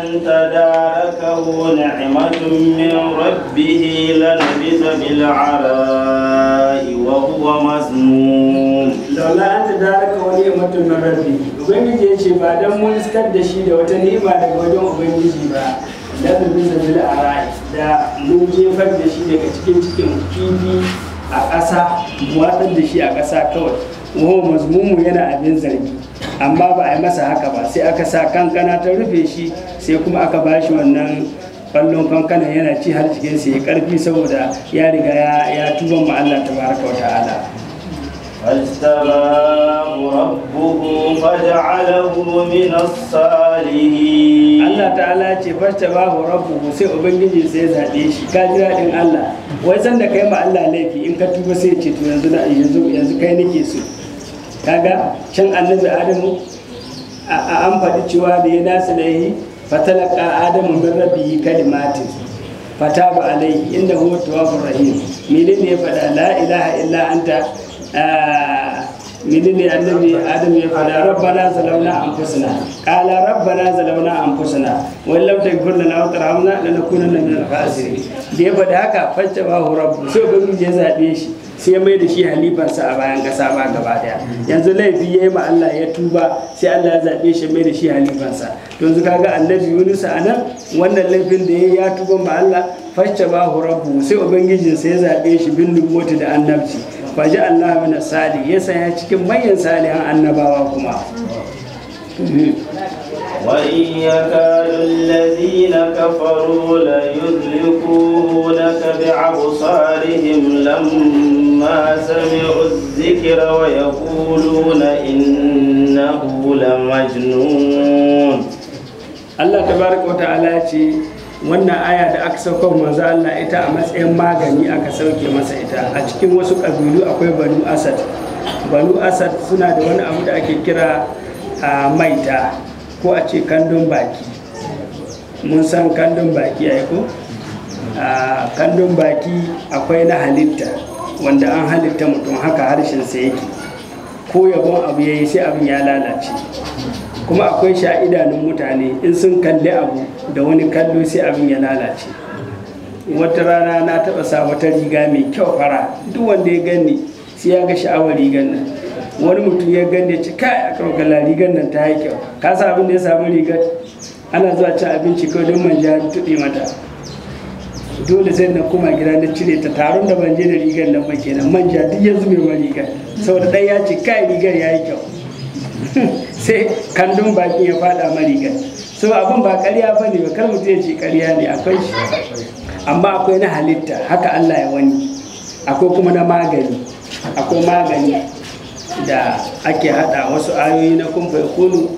أن تداركه نعمة من ربه للبث بالعراء وهو مسموم لولا أن تداركه نعمة من ربه Ubangiji ya ce ba don mun iskar da shi da wata ni'ima daga wajen Ubangiji ba da bisa bil arai da mun jefar da shi daga cikin cikin kifi a ƙasa watsar da shi a ƙasa kawai wa mazmumu yana abin zargi amma ba a yi masa haka ba sai aka sa kankana ta rufe shi sai kuma aka ba shi wannan kwallon kankana yana ci har cikin sai karfi saboda ya riga ya tuba mu Allah tabaraka wa ta'ala Allah ta'ala ce farta bahu rabbuhu sai ubangiji sai zaɓe shi ka jira daɗin Allah wai san da kai ma Allah laifi in ka tuba sai ce to yanzu yanzu yanzu kai nake so kaga can annabi adamu an faɗi cewa da ya dace da yi fatalaka adamu min rabi kalimatin fataba alai inda huwa tawwabur rahim menene ya faɗa la ilaha illa anta menene annabi adamu ya faɗa rabbana an fusina qala rabbana zalamna anfusana wa lam taghfir lana wa tarhamna na na khasirin da ya faɗa haka hu rabbu sai gudun ya zaɓe shi sai mai da shi halifansa a bayan kasa ba gaba daya yanzu laifi ya yi ma Allah ya tuba sai Allah ya zaɓe shi mai da shi halifansa yanzu kaga annabi Yunus a nan wannan laifin da ya ya tuba ma Allah fasce ba rabbu sai ubangijin sai ya zaɓe shi bin lumoti da annabci faji Allah min sali ya saya cikin manyan salihan annabawa kuma mm. Mm. وإن يكاد الذين كفروا ليذلقونك بأبصارهم لما سمعوا الذكر ويقولون إنه لمجنون الله تبارك وتعالى wannan aya da aka sauka manzo Allah ita a matsayin magani aka sauke masa ita a cikin wasu ƙabilu akwai banu asad banu asad suna da wani abu da ake kira ah, maita ko a ce kandun baki mun san kandun baki a ko a kandun baki akwai na halitta wanda an halitta mutum haka harshen sa yake ko yabon abu ya yi sai abin ya lalace kuma akwai sha idanun mutane in sun kalli abu da wani kallo sai abin ya lalace wata rana na taɓa sa wata riga mai kyau fara duk wanda ya gani sai ya ga sha'awar rigar nan wani mutum ya gane ci kai a kan gala rigar nan ta yi kasa abin da ya samu rigar ana zuwa cin abinci kawai don manja tuɗe mata dole sai na kuma gida na cire ta taron da ban da rigar nan ba kenan manja duk yanzu mai ma rigar saboda ɗaya ya kai rigar ya yi kyau <laughs> sai kandun bakin ya fada ma rigar so abin ba karya ba ne ba kar mutum ce ƙarya ne akwai shi amma akwai na halitta haka Allah ya wani akwai kuma na magani akwai magani da ake hada wasu ayoyi na kun bai kunu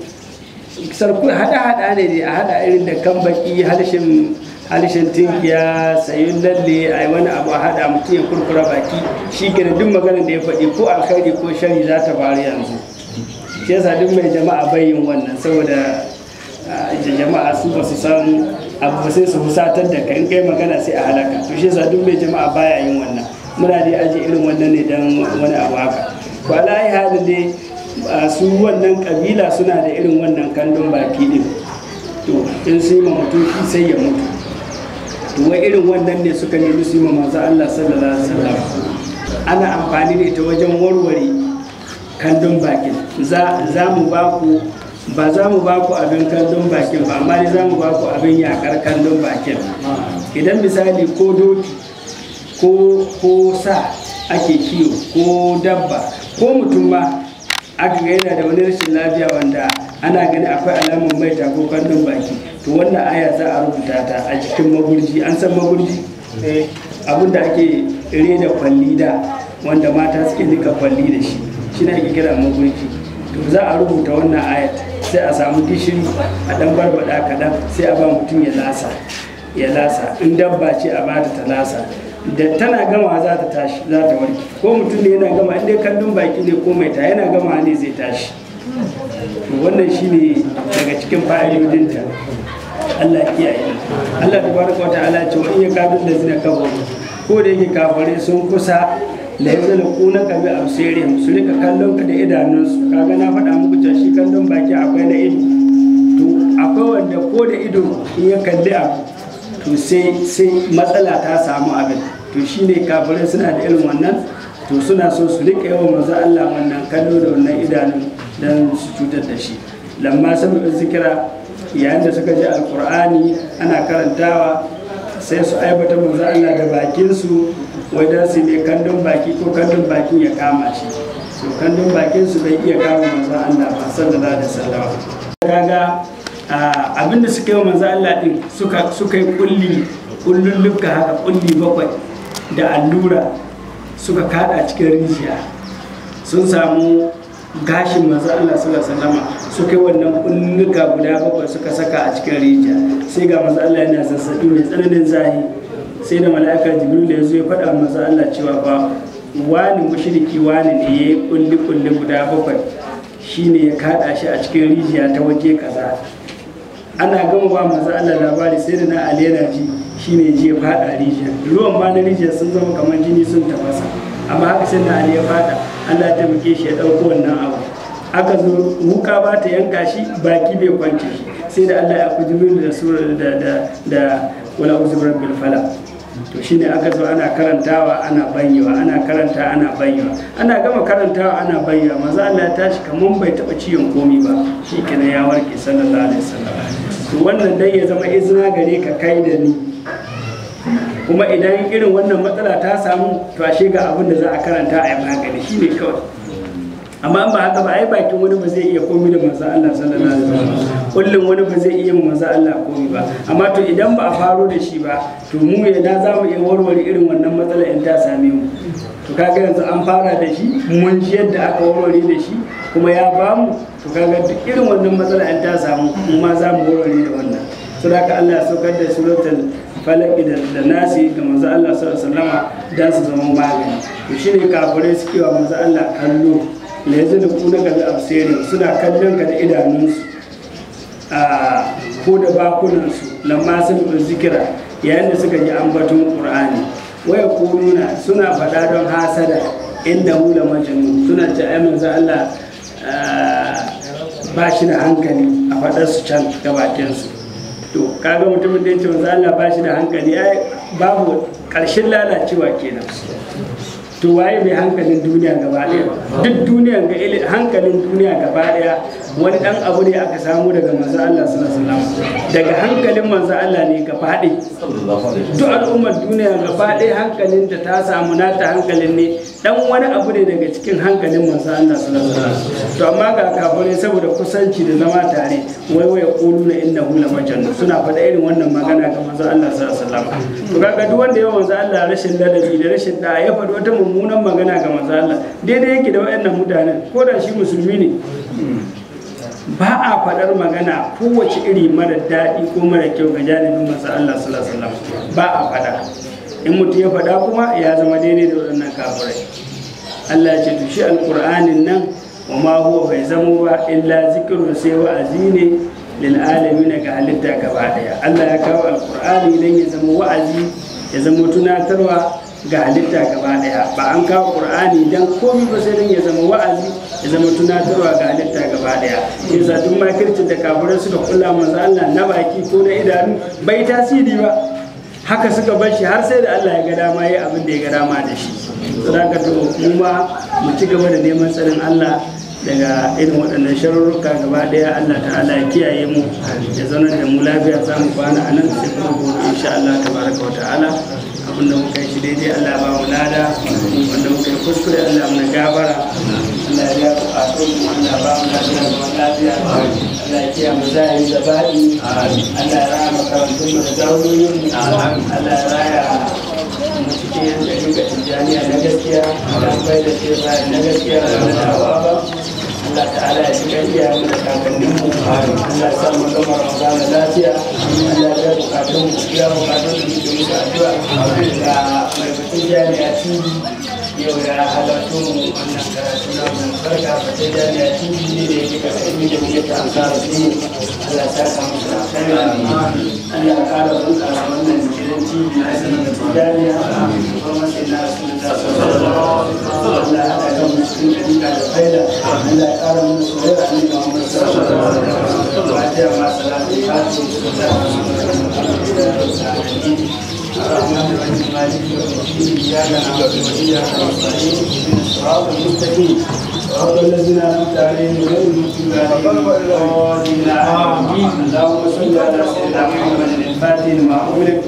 sarku hada hada ne a hada irin da kan baki harshen harshen tinkiya sayun lalle a wani abu a hada mutum ya kurkura baki shi gina duk maganar da ya faɗi ko alkhairi ko shari za ta faru yanzu shi yasa duk mai jama'a bayin wannan saboda jama'a su ba su san abu sai su husatar da kan kai magana sai a halaka to shi yasa duk mai jama'a baya yin wannan muna dai aji irin wannan ne dan wani abu haka to alayi halin su wannan kabila suna da irin wannan kandun baki din to in su yi ma sai ya mutu to wai irin wannan ne suka nemi su yi ma manzo Allah sallallahu alaihi wasallam ana amfani ne ta wajen warware kandun bakin za mu ba ku ba za mu ba ku abin kandun bakin ba amma za mu ba ku abin yakar kandun bakin idan misali ko doki ko sa ake kiwo ko dabba ko mutum ma aka ga yana da wani rashin lafiya wanda ana gani akwai alamun mai ko kandun baki to wannan aya za a rubuta ta a cikin magurji an san magurji eh. abin da ake reda kwalli da wanda mata suke nika kwalli da shi shi ne ake kira magurji to za a rubuta wannan aya sai a samu gishiri a dan barbada kaɗan sai a ba mutum ya lasa ya lasa in dabba ce a bata ta lasa da tana gama za ta tashi za ta warke ko mutum ne yana gama inda kallon baki ne ko mai ta yana gama ne zai tashi to wannan shine daga cikin fa'idodinta Allah ya yi Allah tabaraka ta'ala ce wa iya kadun da zina kafa ko da yake kafare sun kusa la yazal kuna kabi bi su rika kallon ka da idanunsu kaga na faɗa muku cewa shi kallon baki akwai na ido to akwai wanda ko da ido in ya kalli abu to sai matsala ta samu abin to shine kafirai suna da irin wannan to suna so su rika yawan manzo Allah wannan kallo da wannan idanun dan su cutar da shi lamma sabbin zikira yayin da suka ji alkur'ani ana karantawa sai su aibata manzo Allah da bakin su wajen su ne kandun baki ko kandun bakin ya kama shi to kandun bakin su bai iya kama manzo Allah ba sallallahu alaihi wasallam kaga abinda suka yi wa manzo Allah din suka suka yi kulli kullun lukka haka kulli bakwai da allura suka kada cikin rijiya sun samu gashin manzo Allah sallallahu alaihi wasallam suka yi wannan kulluka guda bakwai suka saka a cikin rijiya sai ga manzo Allah yana zazzabi mai tsananin zahi sai da mala'ika jibril ya zo ya faɗa manzo Allah cewa ba wani mushriki wani ne yayi kulli kulli guda bakwai shine ya kada shi a cikin rijiya ta waje kaza ana gama ba manzo Allah labari sai da na alera ji shine ji ya fada rijiya ruwan ma na rijiya sun zama kamar jini sun tafasa amma haka sai na alera fada Allah ta taimake shi ya dauko wannan abu aka zo wuka ba ta yanka shi baki bai kwance shi sai da Allah ya kujibu da da da da wala uzbir bil falaq to shine aka zo ana karantawa ana banyewa ana karanta ana banyewa ana gama karantawa ana banyewa maza Allah ya tashi kaman bai taba ciyon komi ba shi ke ya warke sallallahu alaihi wasallam wannan dai ya zama izina gare ka kai da ni kuma idan irin wannan matsala ta samu to ashe ga abin da za a karanta a yi magani shi ne kawai amma ba haka ba ai bakin wani ba zai iya komi da manzo Allah sallallahu alaihi wasallam kullun wani ba zai iya manzo Allah komi ba amma to idan ba a faro da shi ba to mu ya da za mu iya warware irin wannan matsala in ta same mu to kaga yanzu an fara da shi mun ji yadda aka warware da shi kuma ya bamu to kaga duk irin wannan matsala an ta samu mu ma za mu warware da wannan saboda Allah ya saukar da suratul falaki da nasi ga manzo Allah sallallahu alaihi wasallama dan su zama magani to shine kafirai suke wa manzo Allah kallo la yazdu kuna ka bi absiri suna kallon ka da su a ko da bakunan su lamma sun zikira yayin da suka ji ambaton qur'ani waya kununa suna fada don hasada inda hula majinu suna ta ai Allah ba shi da hankali a faɗar su can gabatin su to kaga mutumin da ya ce wanzu Allah ba shi da hankali ai babu ƙarshen lalacewa kenan to waye mai hankalin duniya gaba ɗaya duk duniya ga hankalin duniya gaba ɗaya wani dan abu ne aka samu daga manzo Allah sallallahu alaihi wasallam daga hankalin manzo Allah ne ga faɗi duk al'ummar duniya ga faɗi hankalin da ta samu nata hankalin ne dan wani abu ne daga cikin hankalin manzo Allah sallallahu alaihi wasallam to amma ga kafirai saboda kusanci da zama tare wai wai quluna innahu la majnun suna faɗa irin wannan magana ga manzo Allah sallallahu alaihi wasallam to kaga duk wanda ya manzo Allah rashin ladabi da rashin da ya faɗi wata mummunan magana ga manzo Allah daidai yake da waɗannan mutanen ko da shi musulmi ne ba a faɗar magana kowace iri mara daɗi ko mara kyau ga janibin masu Allah sallallahu ba a faɗa in mutum ya faɗa kuma ya zama daidai da waɗannan kafirai Allah ce tushe shi alƙur'anin nan wa ma huwa bai zama ba illa zikiru sai wa'azi ne lil alamin ga halitta gaba daya. Allah ya kawo alƙur'ani dan ya zama wa'azi ya zama tunatarwa ga halitta gaba daya ba an kawo qur'ani dan komai ba sai dan ya zama wa'azi ya zama tunatarwa ga halitta gaba daya yasa duk makircin da kafirai suka kula manzo Allah na baki ko na idanu bai tasiri ba haka suka bar shi har sai da Allah ya ga dama yayi abin da ya ga dama da shi saboda to kuma mu ci gaba da neman tsarin Allah daga irin waɗannan sharurruka gaba daya Allah ta'ala ya kiyaye mu ya zauna da mu lafiya za mu kwana a nan sai kuma gobe insha Allah tabaraka wa ta'ala wanda muka yi shi daidai Allah ba mu lada wanda muka yi kuskure Allah mu gabara Allah ya ku a mu Allah ba mu lafiya da lafiya Allah ya kiya mu zai da baɗi Allah ya raya makarantun mu da daurorin Allah ya raya mu cikin yanzu da tijjaniya na gaskiya da bai da shi na gaskiya da na dawa ba Allah ta'ala ya shiga iya mu da kakannin mu Allah ya sa mu gama Ramadan lafiya Allah ya bukatun mu ya bukatun mu da addu'a da mai jami'a TV يورا هلكتم أن كراتنا من فرقة فتجاني أتيني لك أسلمي لك أنصار الدين على أساس مصر خيرا أن أقال بك من من أسلم الجداني ومسلنا رسول الله صلى الله عليه وسلم لا أتاك مسلم أنك على خيرا أن لا أقال من سهير أنك محمد صلى الله عليه وسلم وأتى مع صلاة الفاتحة وسلام على رسول الله الرحمن الرحيم مالك يوم الدين اياك نعبد واياك نستعين اهدنا الصراط المستقيم صراط الذين انعمت عليهم غير المغضوب عليهم اللهم صل على سيدنا محمد الفاتن لما اغلق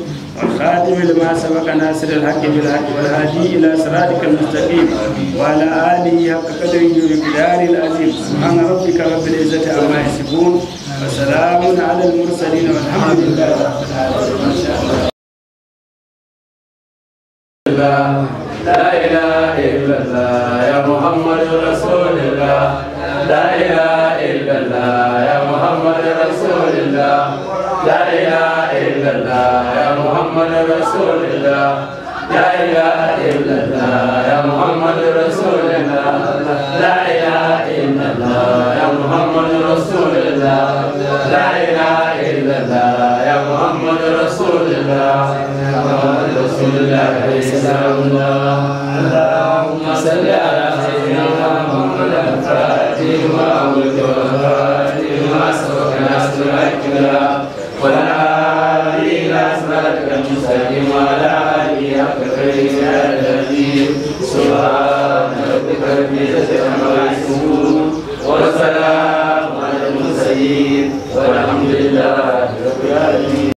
والخاتم لما سبق ناصر الحق بالحق والهادي الى صراطك المستقيم وعلى اله حق قدره ومقدار العظيم سبحان ربك رب العزه عما يصفون وسلام على المرسلين والحمد لله رب العالمين الله لا إله إلا الله يا محمد رسول الله لا إله إلا الله يا محمد رسول الله لا إله إلا الله يا محمد رسول الله لا إله إلا الله يا محمد رسول الله لا إله إلا الله يا محمد رسول الله لا إله إلا الله يا محمد رسول الله رسول الله صلى اللهم صل على سيدنا محمد فاتهما وجهاتهما سوف نسترك لها ولا لينا سمعتك المسلم ولا لينا كفيك الذي سبحان ربك العزه عما يصفون والسلام على المرسلين والحمد لله رب العالمين